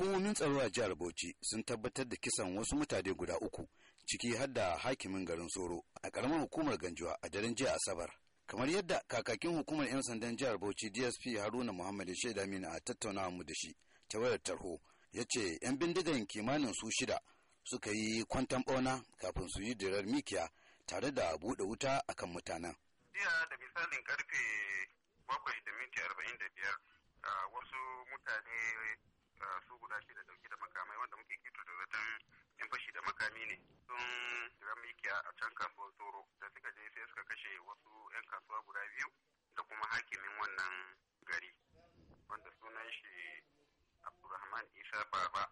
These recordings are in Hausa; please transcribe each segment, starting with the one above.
hukumomin tsaro a jihar bauchi sun tabbatar da kisan wasu mutane guda uku ciki har da hakimin garin soro a karamar hukumar ganjuwa a daren jiya asabar kamar yadda kakakin hukumar 'yan sandan jihar bauchi dsp haruna muhammad ya shaida mini a tattauna mu da shi ta wayar tarho ya ce 'yan bindigan kimanin su shida suka yi kwantan bauna kafin su yi dirar mikiya tare da buɗe wuta akan mutanen jiya da misalin karfe bakwai da minti arba'in da biyar wasu mutane su guda da dauke da makamai wanda muke kito da zaton yan fashi da makami ne sun ramikiya a can kasuwar tsoro da suka je sai suka kashe wasu yan kasuwa guda biyu da kuma hakimin wannan gari wanda sunan shi abdulrahman isa baba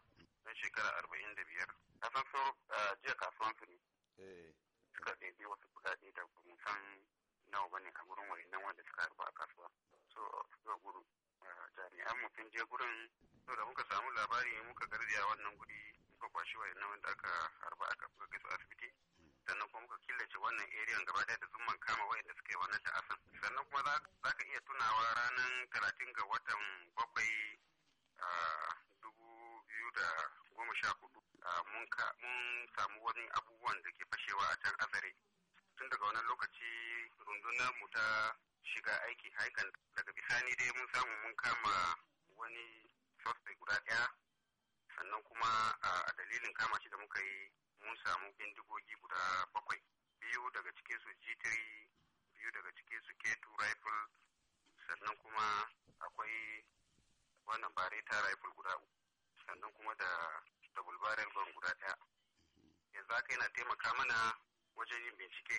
na shekara arba'in da biyar kasan a jiya kasuwan su ne eh. suka ɗebi wasu kuɗaɗe da kuma san nawa ne a gurin nan wanda suka harba a kasuwa so suka gudu jami'an mu sun je gurin to da muka samu labari muka garzaya wannan guri muka kwashi yana wanda aka harba aka buga gaisu asibiti sannan kuma muka killace wannan area gaba daya da zumman kama wayanda suka yi wannan ta'asan sannan kuma za ka iya tunawa ranar talatin ga watan bakwai dubu biyu da goma sha hudu mun samu wani abubuwan da ke fashewa a can azare tun daga wannan lokaci rundunar mu ta shiga aiki haikan daga bisani dai mun samu mun kama wani suspect guda ɗaya sannan kuma a dalilin kama shi da muka yi mun samu bindigogi guda bakwai biyu daga cikin su g3 biyu daga cikin su k2 rifle sannan kuma akwai wannan bareta rifle guda uku sannan kuma da double barrel gun guda ɗaya yanzu haka yana taimaka mana wajen yin bincike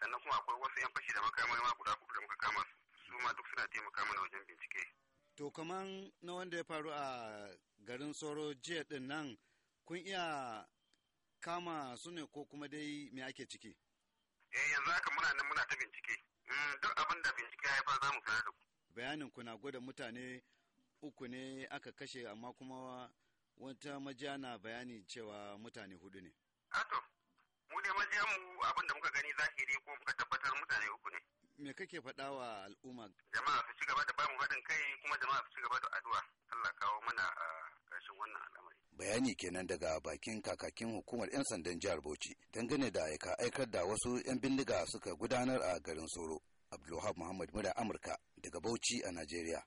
sannan kuma akwai wasu 'yan fashi da makamai ma guda kudu da muka kama su ma duk suna taimaka mana wajen bincike To kaman na wanda ya faru a garin Soro jiya din nan kun iya kama su ne ko kuma dai me ake ciki? Eh yanzu haka muna nan muna ta bincike. Mm, duk abin da bincike ya haifar za mu sanar da ku. na kuna gwada mutane uku ne aka kashe amma kuma wata majiya na bayani cewa mutane hudu ne. Ato, mu ne majiyan mu abin da muka gani zahiri ko muka tabbatar mutane uku ne. Me kake faɗa wa al'umma? Jama'a su ci gaba da haɗin kai kuma jama'a su ci gaba da addu'a Allah kawo mana a ah, ƙarshen wannan al'amari. Bayani kenan daga bakin kakakin hukumar 'yan sandan jihar Bauchi dangane da aika aikar da wasu 'yan bindiga suka gudanar a garin Soro. Abdulwahab Muhammad Mura Amurka daga Bauchi a Najeriya.